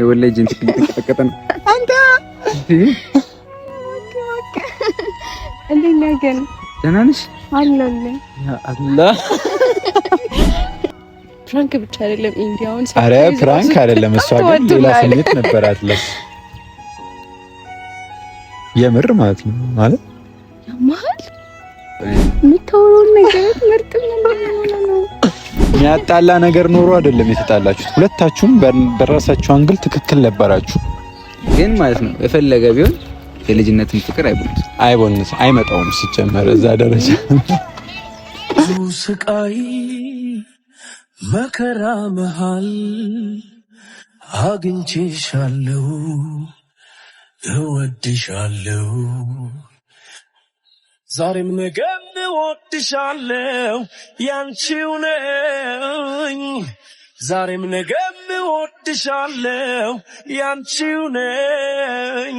የወላይ ጅንት እየተቀጠቀጠ ነው። አንተ እንዴት ነህ ግን? ደህና ነሽ? አለሁልህ። ፕራንክ ብቻ አይደለም ኢንዲያውን። ኧረ ፕራንክ አይደለም። እሷ ግን ሌላ ስሜት ነበራት የምር ማለት ነው ማለት ያማል የምታወራውን ነገር ምርጥ ነው ያጣላ ነገር ኖሮ አይደለም የተጣላችሁት። ሁለታችሁም በራሳችሁ አንግል ትክክል ነበራችሁ። ግን ማለት ነው የፈለገ ቢሆን የልጅነትን ፍቅር አይቦንስ አይቦንስ አይመጣውም። ሲጀመር እዛ ደረጃ ስቃይ መከራ መሃል አግኝቼሻለሁ፣ እወድሻለሁ ዛሬም ነገም እወድሻለሁ ያንቺው ነኝ ዛሬም ነገም እወድሻለሁ ያንቺው ነኝ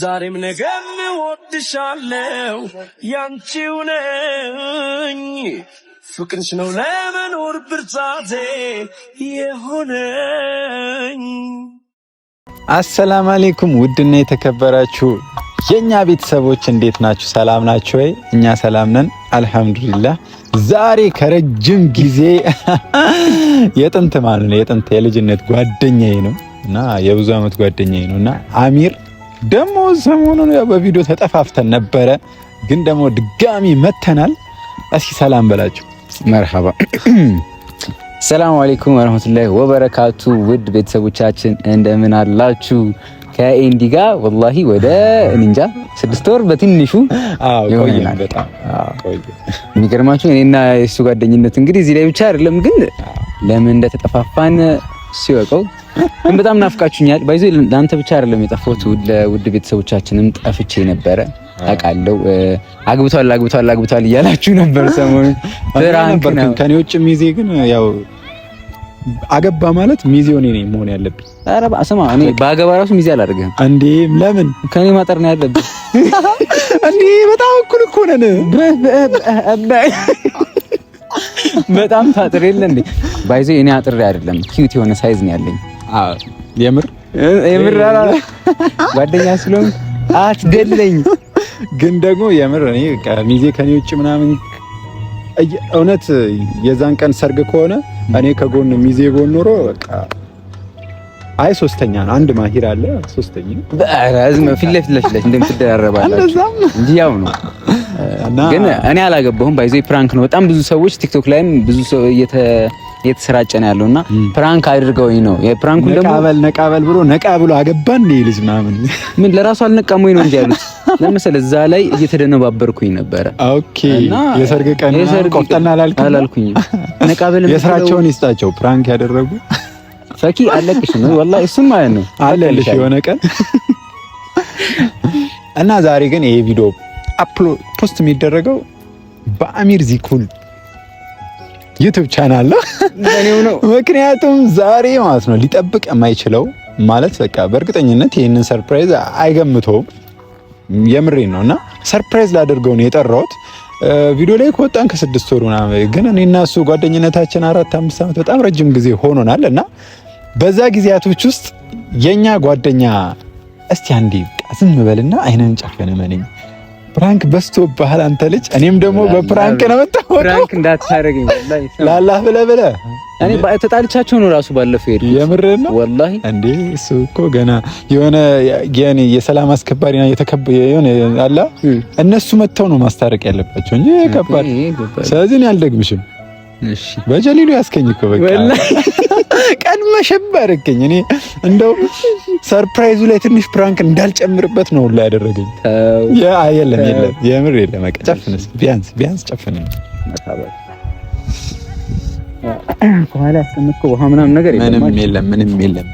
ዛሬም ነገም እወድሻለሁ ያንቺው ነኝ ፍቅርሽ ነው ለመኖር ብርታቴ የሆነኝ። አሰላም አሌይኩም ውድና የተከበራችሁ የእኛ ቤተሰቦች እንዴት ናችሁ? ሰላም ናችሁ ወይ? እኛ ሰላም ነን አልሐምዱሊላህ። ዛሬ ከረጅም ጊዜ የጥንት ማለት ነው የጥንት የልጅነት ጓደኛዬ ነው እና የብዙ ዓመት ጓደኛዬ ነው እና አሚር ደግሞ ሰሞኑን በቪዲዮ ተጠፋፍተን ነበረ፣ ግን ደግሞ ድጋሚ መተናል። እስኪ ሰላም በላችሁ። መርሃባ ሰላም አለይኩም ወረህመቱላሂ ወበረካቱ። ውድ ቤተሰቦቻችን እንደምን አላችሁ? ከኤንዲ ጋር ወላሂ ወደ እንጃ ስድስት ወር በትንሹ ይሆናል። የሚገርማችሁ እኔና የሱ ጓደኝነት እንግዲህ እዚህ ላይ ብቻ አይደለም፣ ግን ለምን እንደተጠፋፋን ሲወቀው ግን በጣም ናፍቃችሁኛል። ባይዞ ለአንተ ብቻ አይደለም የጠፋሁት፣ ለውድ ቤተሰቦቻችንም ጠፍቼ ነበረ። አውቃለሁ አግብቷል አግብቷል አግብቷል እያላችሁ ነበር ሰሞኑን። ከኔ ውጭ ሚዜ ግን ያው አገባ ማለት ሚዜው እኔ ነኝ መሆን ያለብኝ። ኧረ ስማ፣ እኔ በአገባ ራሱ ሚዜ አላደርግህም። እንዴ ለምን? ከኔ ማጠር ነው ያለብኝ? እንዴ በጣም እኩል እኮ ነን። በጣም ታጥር የለ እንዴ? ባይዘ እኔ አጥሬ አይደለም ኪዩት የሆነ ሳይዝ ነው ያለኝ። አዎ የምር የምር ጓደኛ ስለሆንክ አትገለኝ። ግን ደግሞ የምር እኔ ሚዜ ከኔ ውጭ ምናምን እውነት የዛን ቀን ሰርግ ከሆነ እኔ ከጎን ሚዜ ጎን ኖሮ በቃ አይ ሶስተኛ ነው። አንድ ማሂር አለ ሶስተኛ በአራዝ ፊት ለፊት ለፊት እንደምትደራረባላችሁ እንጂ ያው ነው። ግን እኔ አላገባሁም። ባይዞ ፕራንክ ነው። በጣም ብዙ ሰዎች ቲክቶክ ላይም ብዙ ሰው እየተሰራጨ ነው ያለውና ፕራንክ አድርገውኝ ነው። የፕራንኩ ደግሞ ነቃበል ነቃበል ብሎ ነቃ ብሎ አገባን ነው ልጅ ምናምን ምን ለራሱ አልነቃም ወይ ነው እንጂ ያሉት ለምሳሌ እዛ ላይ እየተደነባበርኩኝ ነበረ። ኦኬ የሰርግ ቀን ቆፍጠና አላልኩኝ ነቃብል የስራቸውን ይስጣቸው። ፕራንክ ያደረጉ ፈኪ አለቅሽ ነው ወላሂ፣ እሱም ማለት ነው አለልሽ የሆነ ቀን እና ዛሬ ግን ይሄ ቪዲዮ አፕሎድ ፖስት የሚደረገው በአሚር ዚኩል ዩቲዩብ ቻናል ነው። ምክንያቱም ዛሬ ማለት ነው ሊጠብቅ የማይችለው ማለት በቃ በእርግጠኝነት ይህንን ሰርፕራይዝ አይገምተውም። የምሬን ነው እና ሰርፕራይዝ ላደርገው ነው የጠራሁት ቪዲዮ ላይ ከወጣን ከስድስት ወር ምናምን ግን እኔ እና እሱ ጓደኝነታችን አራት አምስት ዓመት በጣም ረጅም ጊዜ ሆኖናል እና በዛ ጊዜያቶች ውስጥ የእኛ ጓደኛ እስቲ አንዴ ዝም በልና አይነን ጨፍነን ፕራንክ በስቶ ባህል አንተ ልጅ። እኔም ደግሞ በፕራንክ ነው የምታወቀው። ፕራንክ እንዳታረገኝ ላላህ ብለህ ብለህ እኔ ተጣልቻቸው ነው ራሱ ባለፈው ሄድኩት። የምር ነው ወላሂ። እንዴ እሱ እኮ ገና የሆነ ያኔ የሰላም አስከባሪ ነው የተከበ የሆነ አላ እነሱ መጥተው ነው ማስታረቅ ያለባቸው እንጂ ከባድ። ስለዚህ እኔ አልደግምሽም በጀሊሉ ያስከኝ እኮ በቃ ቀድመሽ ባረከኝ። እኔ እንደው ሰርፕራይዙ ላይ ትንሽ ፕራንክ እንዳልጨምርበት ነው ሁላ ያደረገኝ። የለም የለም፣ የምር የለም። በቃ ጨፍንስ፣ ቢያንስ ቢያንስ ጨፍን። ነገር ምንም የለም፣ ምንም የለም።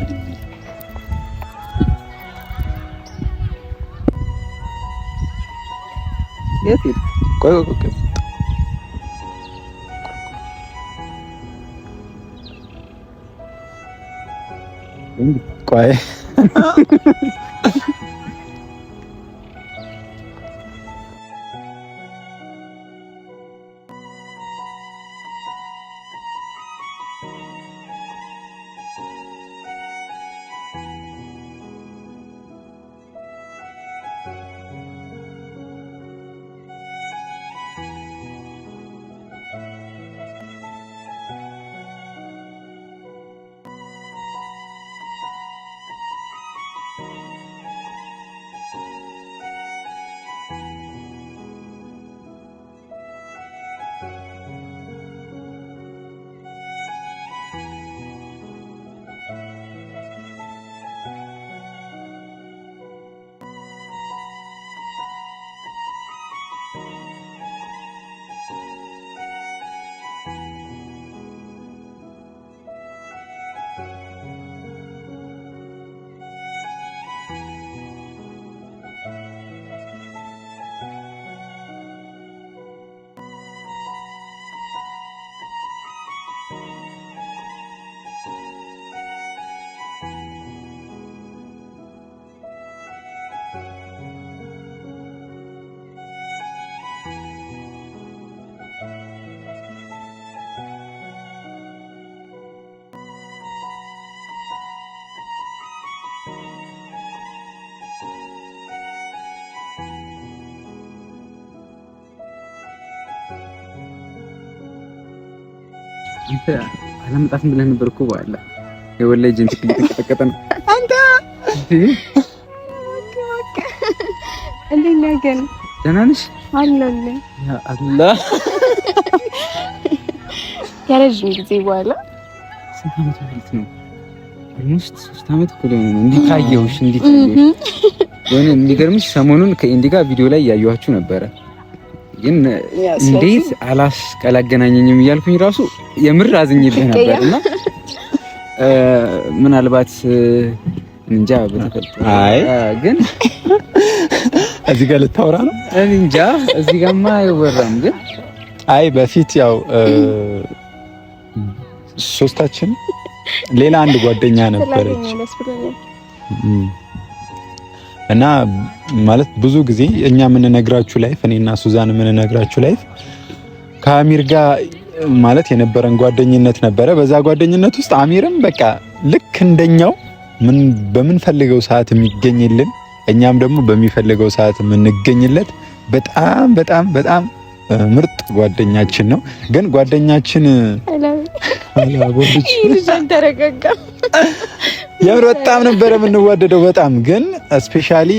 ቆይ ቆይ ቆይ ቆይ አላመጣትም ብለህ ነበር እኮ ባለ የወላይ ጅንት እየተቀጠቀጠ ነው። አንተ እንዴት ነህ ግን? ደህና ነሽ? አለሁልህ። አላህ ከረዥም ጊዜ በኋላ ስንት ዓመት ማለት ነው? አምስት ሶስት ዓመት እኮ ላይ ነው እንዲታየውሽ እንዲታየውሽ የሆነ የሚገርምሽ ሰሞኑን ከኢንዲ ጋር ቪዲዮ ላይ እያየኋችሁ ነበረ ግን እንዴት አላስቀል አገናኘኝም እያልኩኝ ራሱ የምር አዝኝልህ ነበር እና ምናልባት እንጃ በተፈጠረ አይ ግን እዚህ ጋር ልታወራ ነው እንጃ እዚህ ጋርማ አይወራም ግን አይ በፊት ያው ሶስታችን ሌላ አንድ ጓደኛ ነበረች እና ማለት ብዙ ጊዜ እኛ የምንነግራችሁ ላይፍ እኔና ሱዛን የምንነግራችሁ ላይፍ ከአሚር ጋር ማለት የነበረን ጓደኝነት ነበረ። በዛ ጓደኝነት ውስጥ አሚርም በቃ ልክ እንደኛው ምን በምንፈልገው ሰዓት የሚገኝልን እኛም ደግሞ በሚፈልገው ሰዓት የምንገኝለት በጣም በጣም በጣም ምርጥ ጓደኛችን ነው። ግን ጓደኛችን የምር በጣም ነበረ የምንዋደደው። በጣም ግን ስፔሻሊ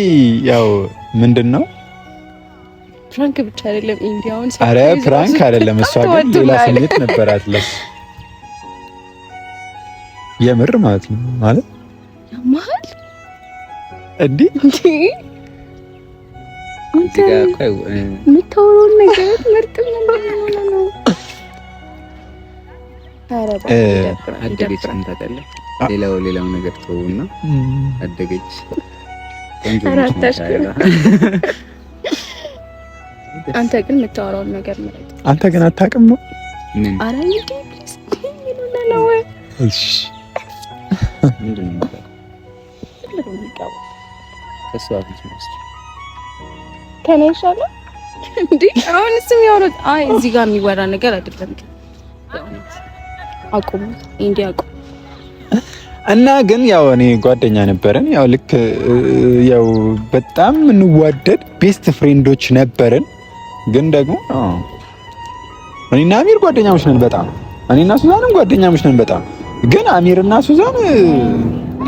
ያው ምንድን ነው ፕራንክ ብቻ አይደለም፣ ኢንዲያውን አረ ፕራንክ አይደለም። እሷ ግን ሌላ ስሜት ነበራት ለሱ የምር ማለት ነው ማለት ያማል እንዴ እንዴ አንተ ምታወራውን ነገር ምርጥ ምን ነው ነው አደገች እንታውቃለን። ሌላው ሌላው ነገር ተውና አደገች አንተ ግን የምታወራውን ነገር ማለት አንተ ግን አታውቅም ነው። አሁን እዚህ ጋር የሚወራ ነገር አይደለም አቁሙ፣ እንዲያቁም እና ግን ያው እኔ ጓደኛ ነበረን። ያው ልክ ያው በጣም እንዋደድ ቤስት ፍሬንዶች ነበርን። ግን ደግሞ እኔና አሚር ጓደኛሞች ነን በጣም እኔና ሱዛንም ጓደኛሞች ነን በጣም ግን አሚርና ሱዛን እኔ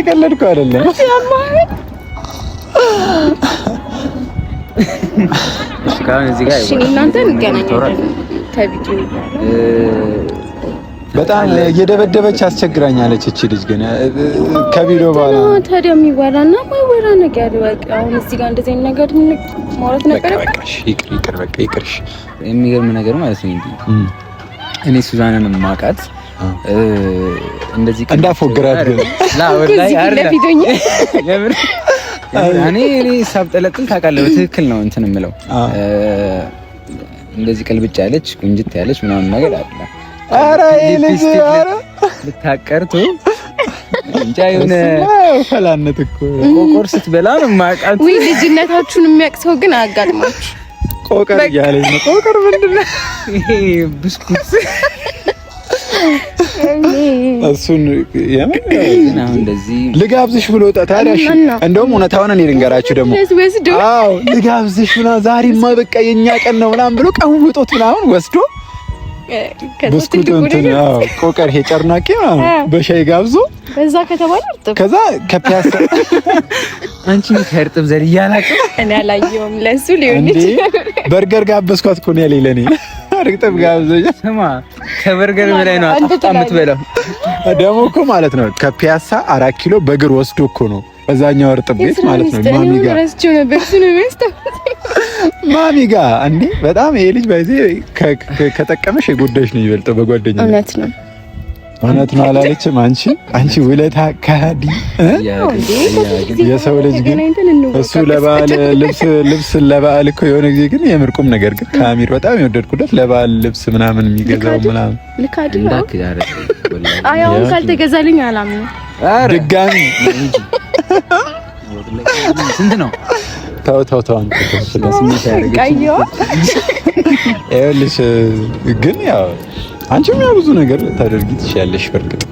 እየቀለድኩ አይደለም በጣም እየደበደበች አስቸግራኛለች። እቺ ልጅ ግን ከቪዲዮ በኋላ ታዲያ ነገር በቃ አሁን እዚህ ጋር እንደዚህ ነገር ማውራት ነበረብህ። ይቅር ይቅር፣ በቃ ይቅርሽ። የሚገርም ነገር ማለት ነው እንዴ እኔ ሱዛንን ማቃት እንደዚህ እንዳፎግራት ግን ላ ወላይ አርዳ እኔ እኔ ሳብጠለጥል ታውቃለህ፣ በትክክል ነው እንትን የምለው እንደዚህ ቅልብጭ ያለች ቁንጅት ያለች ምናምን ነገር አለ። ኧረ ልታቀርቱ እንጃ የሆነ ፈላነት እኮ ቆቆር ስትበላ ነው የማውቃት። ውይ ልጅነታችሁን የሚያቅሰው ግን አጋጥማችሁ ቆቀር እያለኝ ነው። ቆቀር ምንድን ነው? ብስኩት እሱን ልጋብዝሽ ብሎ ታዲያ እንደውም እውነታውን እኔ ልንገራችሁ ደግሞ አዎ ልጋብዝሽ ምናምን ዛሬማ በቃ የኛ ቀን ነው ምናምን ብሎ ቀውጦት ምናምን ወስዶ ብስኩት እንትን ቆቀር ይሄ ጨርናቄ በሻይ ጋብዞ በዛ ከተባለ እርጥብ ከዛ ከፒያሳ አንቺ ከእርጥብ ዘር እያላቀ እኔ አላየሁም። ለሱ ሊሆን ይችላል። በርገር ጋበዝኳት እኮ ነው ያለኝ ለእኔ እርግጠም ጋብዘኛ። ስማ ከበርገር በላይ ነው አጣፍጣ የምትበላው። ደግሞ እኮ ማለት ነው ከፒያሳ አራት ኪሎ በእግር ወስዶ እኮ ነው በዛኛው እርጥብ ቤት ማለት ነው ማሚ ጋር ማሚ ጋር እንዴ! በጣም ይሄ ልጅ ባይዜ ከጠቀመሽ የጎዳሽ ነው ይበልጠው በጓደኛ እውነት ነው። እውነት ነው አላለችም። አንቺ አንቺ ውለታ ከሃዲ የሰው ልጅ ግን እሱ ለበዓል ልብስ ልብስ ለበዓል እኮ የሆነ ጊዜ ግን የምር ቁም ነገር ግን ካሚር በጣም የወደድኩለት ለበዓል ልብስ ምናምን የሚገዛው ምናምን አሁን ካልተገዛልኝ አላምንም ድጋሚ ስንት ነው? ተው ተው ተው ይኸውልሽ ግን ያው አንቺም ያው ብዙ ነገር ልታደርጊ ትችያለሽ። በርግጥ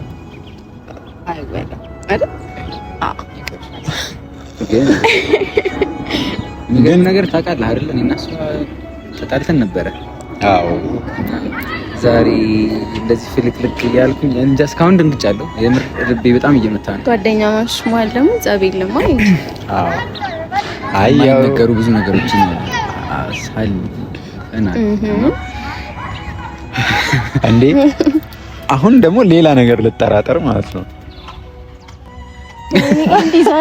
ግን ነገር ታውቃለህ አይደል? እኔና እሷ ተጣልተን ነበረ። አዎ ዛሬ እንደዚህ ልክ እያልኩኝ እንጃ እስካሁን ደንግጫለሁ። የምር ልቤ በጣም እየመታ ነው። ጓደኛ ማሽ ማለት ደግሞ ጸብ የለም። አዎ አይ ያው ነገሩ ብዙ ነገሮችን ሳል እና እንዴ አሁን ደግሞ ሌላ ነገር ልጠራጠር ማለት ነው።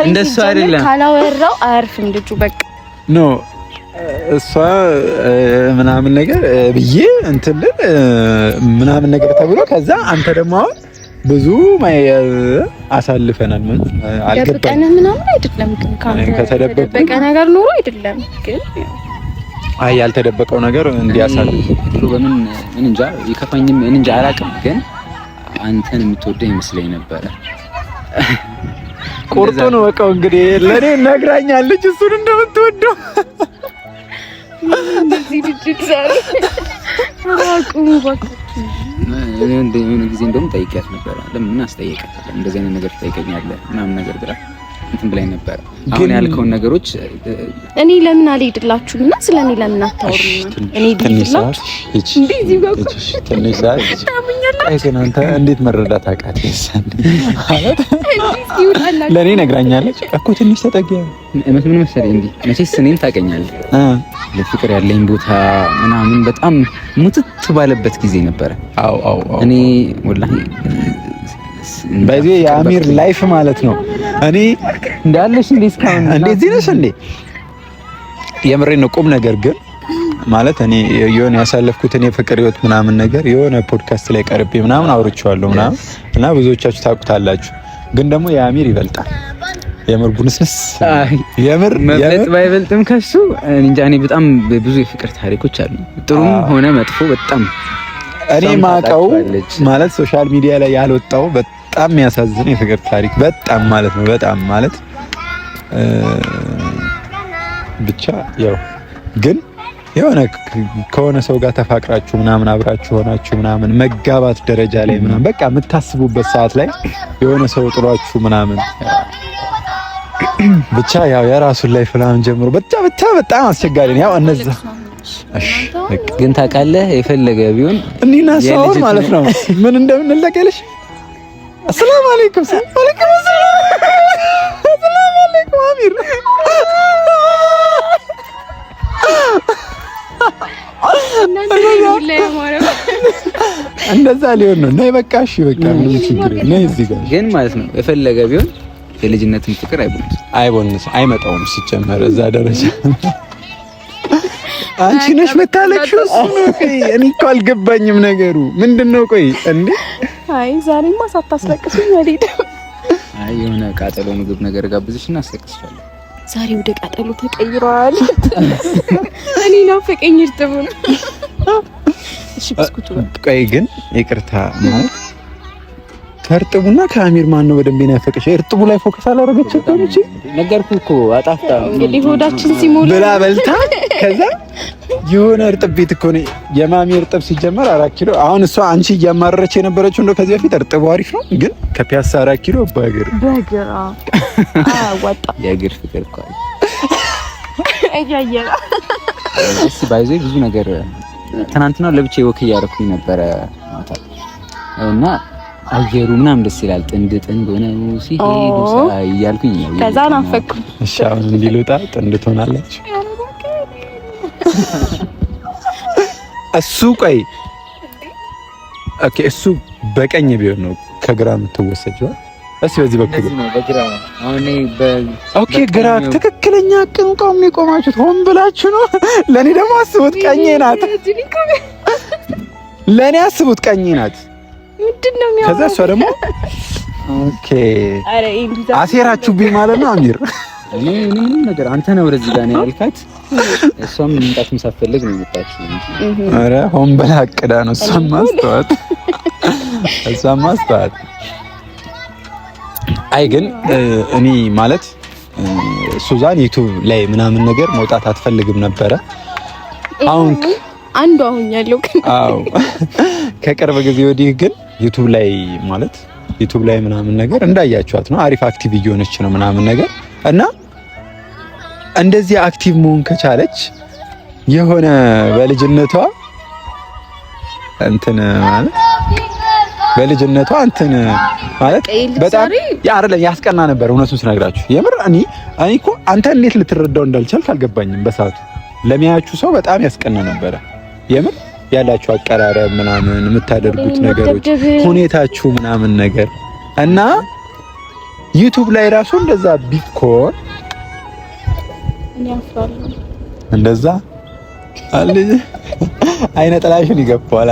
እንደሱ አይደለም። ካላወራው አያርፍም ልጁ በቃ ኖ እሷ ምናምን ነገር ብዬ እንትን ምናምን ነገር ተብሎ ከዛ አንተ ደግሞ አሁን ብዙ አሳልፈናል። ምን አልገባንም ምናምን አይደለም ግን ከተደበቀ ነገር ኑሮ አይደለም ግን አይ ያልተደበቀው ነገር እንዲያሳል ብሎ በምን እንጃ ይከፋኝም እንጃ አላውቅም፣ ግን አንተን የምትወደ ይመስለኝ ነበረ። ነው ወቀው እንግዲህ ለኔ ነግራኛለች እሱን እንደምትወደው ጊዜ እንደውም ጠይቂያት ነበረ። ለምን አስጠየቀት? እንደዚህ አይነት ነገር ትጠይቀኛለህ ምናምን ነገር ብላ እንትን ብላኝ ነበር። አሁን ያልከውን ነገሮች እኔ ለምን አልሄድላችሁም እና ስለ እኔ ለምን አታወሩኝ? እኔ እንዴት መረዳት አቃተሽ? ለእኔ ነግራኛለች እኮ ትንሽ ተጠጊያ ምን መሰለኝ፣ እንዲህ መቼስ እኔን ታውቀኛለህ፣ ለፍቅር ያለኝ ቦታ ምናምን በጣም ሙትት ባለበት ጊዜ ነበረ። አዎ አዎ እኔ ወላሂ በዚህ የአሚር ላይፍ ማለት ነው። እኔ እንዳለሽ እንዴ እስካሁን እንደዚህ ነሽ እንዴ? የምሬ ነው ቁም ነገር ግን ማለት እኔ የሆነ እኔ ፍቅር ህይወት ምናምን ነገር የሆነ ፖድካስት ላይ ቀርቤ ምናምን አውርቼዋለሁ ምናምን እና ብዙዎቻችሁ ታውቁታላችሁ። ግን ደግሞ የአሚር ይበልጣል። የምር ጉንስንስ የምር መብለጥ ባይበልጥም ከሱ እንጃ። እኔ በጣም ብዙ የፍቅር ታሪኮች አሉ ጥሩም ሆነ መጥፎ በጣም እኔ ማቀው ማለት ሶሻል ሚዲያ ላይ ያልወጣው በጣም የሚያሳዝን የፍቅር ታሪክ በጣም ማለት ነው። በጣም ማለት ብቻ ያው ግን የሆነ ከሆነ ሰው ጋር ተፋቅራችሁ ምናምን አብራችሁ ሆናችሁ ምናምን መጋባት ደረጃ ላይ ምናምን በቃ የምታስቡበት ሰዓት ላይ የሆነ ሰው ጥሏችሁ ምናምን ብቻ ያው የራሱን ላይ ፍላምን ጀምሮ በጣም በጣም አስቸጋሪ ነው ያው እነዛ ግን ታውቃለህ፣ የፈለገ ቢሆን እኔና እሷ አሁን ማለት ነው ምን እንደምንለቀልሽ። አሰላም አለይኩም፣ ሰላም አለይኩም፣ ሰላም አለይኩም አሚር እንደዛ ሊሆን ነው። ነይ በቃ እሺ፣ በቃ ምንም ችግር ነይ እዚህ ጋር ግን ማለት ነው የፈለገ ቢሆን የልጅነትን ፍቅር አይቦንስ አይቦንስ አይመጣውም ሲጨመር እዛ ደረጃ አንቺ ነሽ መታለችው? እኔ እኮ አልገባኝም ነገሩ ምንድን ነው? ቆይ እንዴ! አይ ዛሬማ ሳታስለቅሱኝ አልሄድም። አይ የሆነ ቃጠሎ ምግብ ነገር ጋብዝሽ እና አስለቅስሻለሁ። ዛሬ ወደ ቃጠሎ ተቀይሯል። እኔ ናፈቀኝ። እርጥብ ነው። እሺ፣ ብስኩቱ። ቆይ ግን ይቅርታ ማለት ከእርጥቡና ከአሚር ማን ነው በደንብ የናፈቀሽ? እርጥቡ ላይ ፎከስ አላደረገች እኮ ልጅ ነገርኩህ እኮ አጣፍታ እንግዲህ ሆዳችን ሲሞላ ብላ በልታ ከዛ የሆነ እርጥብ ቤት እኮ ነው የማሚ እርጥብ ሲጀመር አራት ኪሎ። አሁን እሷ አንቺ እያማረረች የነበረችው እንደው ከዚህ በፊት እርጥቡ አሪፍ ነው ግን ከፒያሳ አራት ኪሎ በእግር በእግር አዋጣ የእግር ፍቅር እኮ እያየላ እሺ፣ ባይዘይ ብዙ ነገር ትናንትና ለብቻ ወክ እያደረኩኝ ነበረ ማታ እና አየሩ ምናም ደስ ይላል። ጥንድ ጥንድ ሆነ ሲሄዱ እያልኩኝ ከዛ ናፈኩ። እሺ አሁን እንዲልወጣ ጥንድ ትሆናለች እሱ ቆይ ኦኬ፣ እሱ በቀኝ ቢሆን ነው ከግራ የምትወሰጂው። እስኪ በዚህ በኩል ኦኬ፣ ግራ ትክክለኛ ቅንቆም የቆማችሁት ሆን ብላችሁ ነው። ለእኔ ደግሞ አስቡት፣ ቀኝ ናት። ለእኔ አስቡት፣ ቀኝ ናት። ምንድን ነው የሚያወራው? ከዛ እሷ ደግሞ ኦኬ አሴራችሁብኝ ማለት ነው አሚር ነገር አንተ ነው ወደዚህ ጋር ነው ያልካት። እሷም ነው ሆን ብላ አቅዳ ነው። እሷም ማስተዋት እሷም ማስተዋት። አይ ግን እኔ ማለት ሱዛን ዩቱብ ላይ ምናምን ነገር መውጣት አትፈልግም ነበረ። አሁን አንዱ አሁን ያለው አዎ፣ ከቅርብ ጊዜ ወዲህ ግን ዩቱብ ላይ ማለት ዩቱብ ላይ ምናምን ነገር እንዳያችኋት ነው አሪፍ አክቲቭ እየሆነች ነው ምናምን ነገር እና እንደዚህ አክቲቭ መሆን ከቻለች የሆነ በልጅነቷ እንትን ማለት በልጅነቷ እንትን ማለት በጣም አይደለም ያስቀና ነበር። እውነቱን ስነግራችሁ የምር እኔ እኔ እኮ አንተ እንዴት ልትረዳው እንዳልቻልክ አልገባኝም። በሰዓቱ ለሚያያችሁ ሰው በጣም ያስቀና ነበረ የምር ያላችሁ አቀራረብ ምናምን የምታደርጉት ነገሮች ሁኔታችሁ ምናምን ነገር እና ዩቱብ ላይ ራሱ እንደዛ ቢኮን እንደዛ አይነ ጥላሽን ይገባዋል።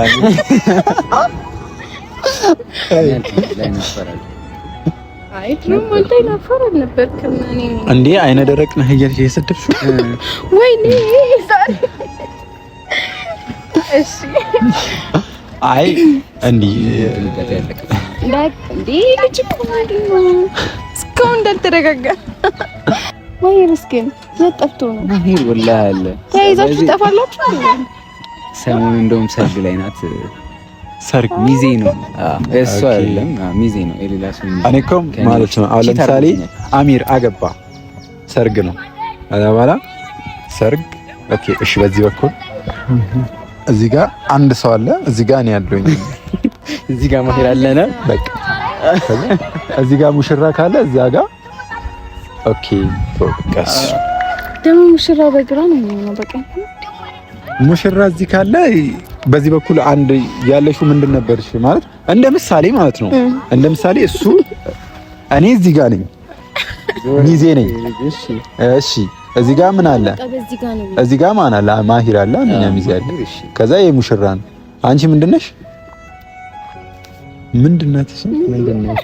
እንዴ አይነ ደረቅ ነህ እያልሽ የሰደብሽው ወይኔ አይ እንዲህ እስካሁን እንዳልተረጋጋ ነው ተይዛችሁ ትጠፋላችሁ። ሰሞኑን እንደውም ሰርግ ላይ ናት። ሰርግ ሚዜ ነው እሱ አይደለም ሚዜ ነው የሌላ ሰው እኔ እኮ ማለት ነው። አሁን ለምሳሌ አሚር አገባ ሰርግ ነው አዛ በኋላ ሰርግ ኦኬ እሺ በዚህ በኩል እዚህ ጋር አንድ ሰው አለ። እዚህ ጋር እኔ ያለሁኝ እዚህ ጋር መሄድ አለና በቃ እዚህ ጋር ሙሽራ ካለ እዚያ ጋር ኦኬ። ፎከስ ደግሞ ሙሽራ በግራ ነው። በቃ ሙሽራ እዚህ ካለ በዚህ በኩል አንድ ያለሽው ምንድን ነበርሽ? ማለት እንደ ምሳሌ ማለት ነው። እንደ ምሳሌ እሱ እኔ እዚህ ጋር ነኝ፣ ሚዜ ነኝ። እሺ እዚህ ጋር ምን አለ? እዚህ ጋር ማን አለ? ማሂር አለ፣ አንደኛ ሚዜ አለ። ከዛ የሙሽራ ነው። አንቺ ምንድን ነሽ? ምንድን ናት? ምንድን ነሽ?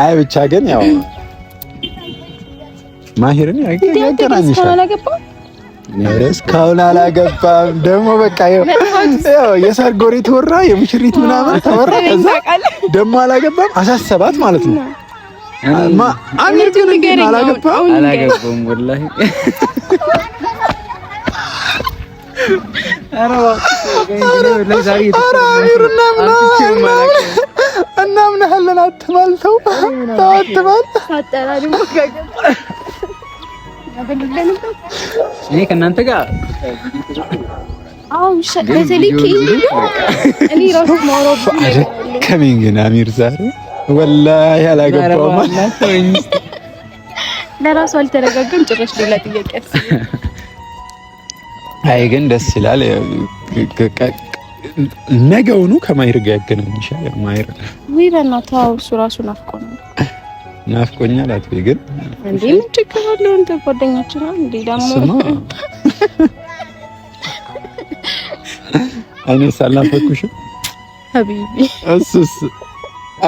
አይ ብቻ ግን ያው ማሄርን ያገናኝሽ እስካሁን አላገባም። ደግሞ በቃ የሰርግ ወሬ ተወራ፣ የምሽሪት ምናምን ተወራ፣ ከዛ ደግሞ አላገባም አሳሰባት ማለት ነው። አሚር ግን አላገባም አላገባም ወላሂ እናምናለን። አትማል አትማል እኔ ከእናንተ ጋር ከሚን ግን አሚር ዛሬ ወላሂ አላገባውም። ለራሱ አልተረጋገም ጭራሽ ሌላ ጥያቄ። አይ ግን ደስ ይላል። ነገውኑ ከማይር ያገናኝሻል። ማይር ወይ በእናትህ እሱ ራሱ ናፍቆ ነው ናፍቆኛል አትበይ። ግን እንዴ ምን ችግር አለው? እንደ ጓደኛችን ነው እንዴ ደግሞ እኔስ አልናፈኩሽም ሀቢቢ? እሱስ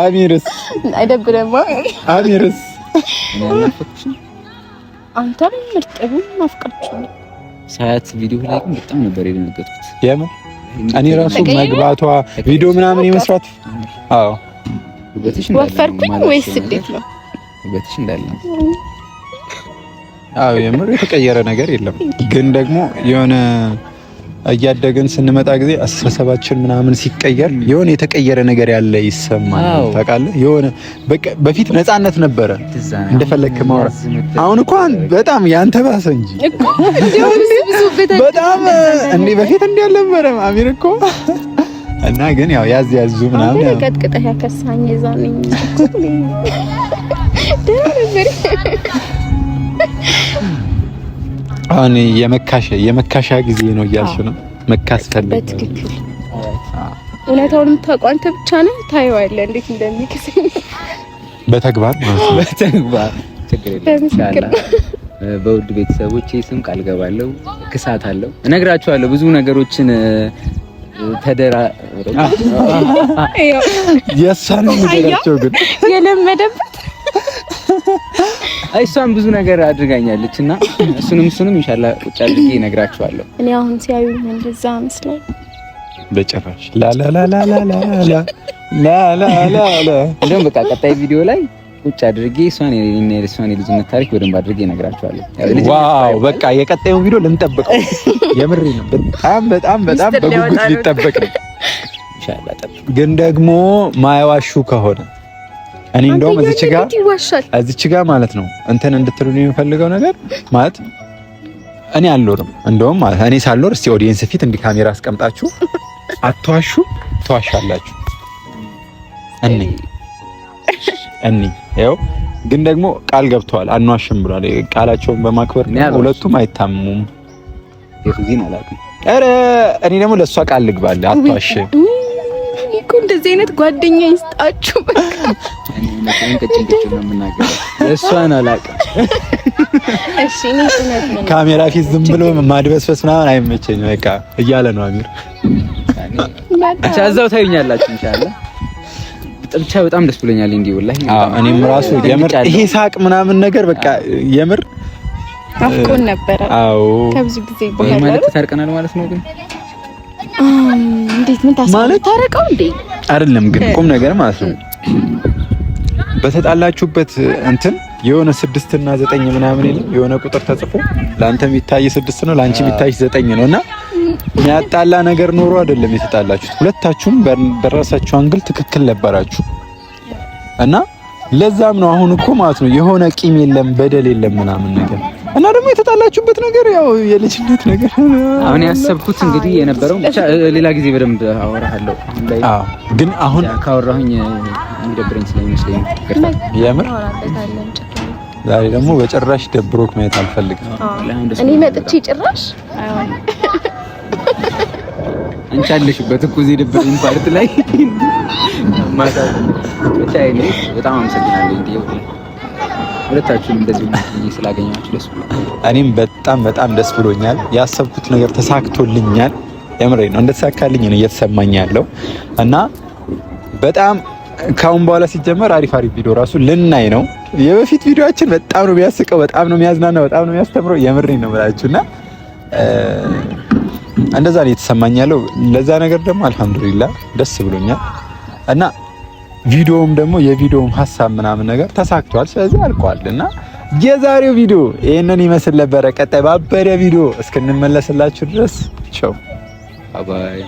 አሚርስ አይደብረማ? አሚርስ አንተም ምርጥብ ናፍቃችሁ ሳያት ቪዲዮ ላይ ግን በጣም ነበር የደነገጥኩት። የምር እኔ ራሱ መግባቷ ቪዲዮ ምናምን የመስራት አዎ ወፈርኩኝ ወይስ እንዴት ነው? ውበትሽ እንዳለ አዎ፣ የምር የተቀየረ ነገር የለም። ግን ደግሞ የሆነ እያደግን ስንመጣ ጊዜ አስተሳሰባችን ምናምን ሲቀየር የሆነ የተቀየረ ነገር ያለ ይሰማል። ታውቃለህ፣ የሆነ በፊት ነፃነት ነበረ እንደፈለክ ማውራት። አሁን እንኳን በጣም ያንተ ባሰ እንጂ በጣም እንዴ፣ በፊት እንዲህ አልነበረም አሚር እኮ እና ግን ያው ያዝ ያዙ ምናምን ቀጥቅጠህ ያከሳኝ ዛኔ አሁን የመካሻ የመካሻ ጊዜ ነው እያልሽ ነው? መካስ ፈልግ በትክክል እውነታውን የምታውቀው አንተ ብቻ ነህ። ታየዋለህ እንዴት እንደሚከሰኝ በተግባር በተግባር በውድ ቤተሰቦቼ ስም ቃል ገባለሁ። ክሳት አለው እነግራችኋለሁ። ብዙ ነገሮችን ተደራ የእሷን ነገራቸው ግን የለመደበት እሷም ብዙ ነገር አድርጋኛለች እና እሱንም እሱንም ኢንሻአላ ቁጭ አድርጌ እነግራችኋለሁ። እኔ አሁን ሲያዩ እንደዛ መስለኝ በጭራሽ እንደውም በቃ ቀጣይ ቪዲዮ ላይ ቁጭ አድርጌ እሷን የልጅነት ታሪክ በደንብ አድርጌ እነግራችኋለሁ። ዋው በቃ የቀጣዩን ቪዲዮ ልንጠብቀው። የምሬ ነው። በጣም በጣም በጣም በጉጉት ሊጠበቅ ነው። ግን ደግሞ ማይዋሹ ከሆነ እኔ እንደውም እዚች ጋር እዚች ጋር ማለት ነው እንትን እንድትሉ የሚፈልገው ነገር ማለት እኔ አልኖርም። እንደውም ማለት እኔ ሳልኖር እስቲ ኦዲየንስ ፊት እንዲህ ካሜራ አስቀምጣችሁ አትዋሹ፣ ትዋሻላችሁ። እኔ እኔ ያው ግን ደግሞ ቃል ገብተዋል፣ አንዋሽም ብሏል። ቃላቸውን በማክበር ሁለቱም አይታሙም። ኧረ እኔ ደግሞ ለእሷ ቃል ልግባለሁ አትዋሽ አይነት ጓደኛ ይስጣችሁ። እሷን አላውቅም። ካሜራ ፊት ዝም ብሎ ማድበስበስ ምናምን አይመቸኝ በቃ እያለ ነው አሚር። ብቻ እዛው ታዩኛላችሁ ኢንሻአላህ። ብቻ በጣም ደስ ብሎኛል። እንዲህ ወላሂ እኔም ራሱ የምር ይሄ ሳቅ ምናምን ነገር በቃ የምር አፍቆን ነበረ። አዎ ከብዙ ጊዜ በኋላ ማለት ታርቀናል ማለት ነው ግን እንዴት ምን ታስማለት ታረቀው እንዴ? አይደለም ግን ቁም ነገር ማለት ነው። በተጣላችሁበት እንትን የሆነ ስድስት እና ዘጠኝ ምናምን የለም የሆነ ቁጥር ተጽፎ ለአንተ የሚታይ ስድስት ነው ለአንቺ የሚታይ ዘጠኝ ነው እና የሚያጣላ ነገር ኖሮ አይደለም የተጣላችሁት። ሁለታችሁም በራሳችሁ አንግል ትክክል ነበራችሁ እና ለዛም ነው አሁን እኮ ማለት ነው የሆነ ቂም የለም በደል የለም ምናምን ነገር እና ደግሞ የተጣላችሁበት ነገር ያው የልጅነት ነገር። አሁን ያሰብኩት እንግዲህ የነበረው ብቻ ሌላ ጊዜ በደንብ አወራለሁ። አዎ፣ ግን አሁን ካወራሁኝ የሚደብረኝ ስለሚመስለኝ የምር ዛሬ ደግሞ በጭራሽ ደብሮክ ማየት አልፈልግም። እኔ መጥቼ ጭራሽ አንቺ አለሽበት እኮ እዚህ ደብረኝ ፓርት ላይ ማታ ብቻ። በጣም አመሰግናለሁ። ሁለታችሁም እንደዚህ ስላገኛችሁ ደስ ብሎኛል። እኔም በጣም በጣም ደስ ብሎኛል። ያሰብኩት ነገር ተሳክቶልኛል። የምሬ ነው እንደተሳካልኝ ነው እየተሰማኝ ያለው እና በጣም ካሁን በኋላ ሲጀመር አሪፍ አሪፍ ቪዲዮ ራሱ ልናይ ነው። የበፊት ቪዲዮችን በጣም ነው የሚያስቀው፣ በጣም ነው የሚያዝናናው፣ በጣም ነው የሚያስተምረው። የምሬ ነው ብላችሁና እንደዛ ነው እየተሰማኝ ያለው። ለዛ ነገር ደግሞ አልሐምዱሊላህ ደስ ብሎኛል እና ቪዲዮም ደግሞ የቪዲዮም ሀሳብ ምናምን ነገር ተሳክቷል። ስለዚህ አልቋል እና የዛሬው ቪዲዮ ይህንን ይመስል ነበረ። ቀጣይ ባበደ ቪዲዮ እስክንመለስላችሁ ድረስ ቸው አባይ